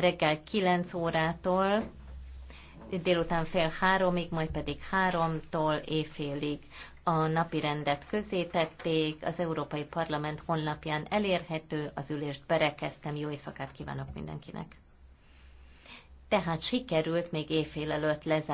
reggel 9 órától, délután fél háromig, majd pedig háromtól éjfélig a napi rendet közé tették, az Európai Parlament honlapján elérhető, az ülést berekeztem, jó éjszakát kívánok mindenkinek. Tehát sikerült még éjfél előtt lezárni.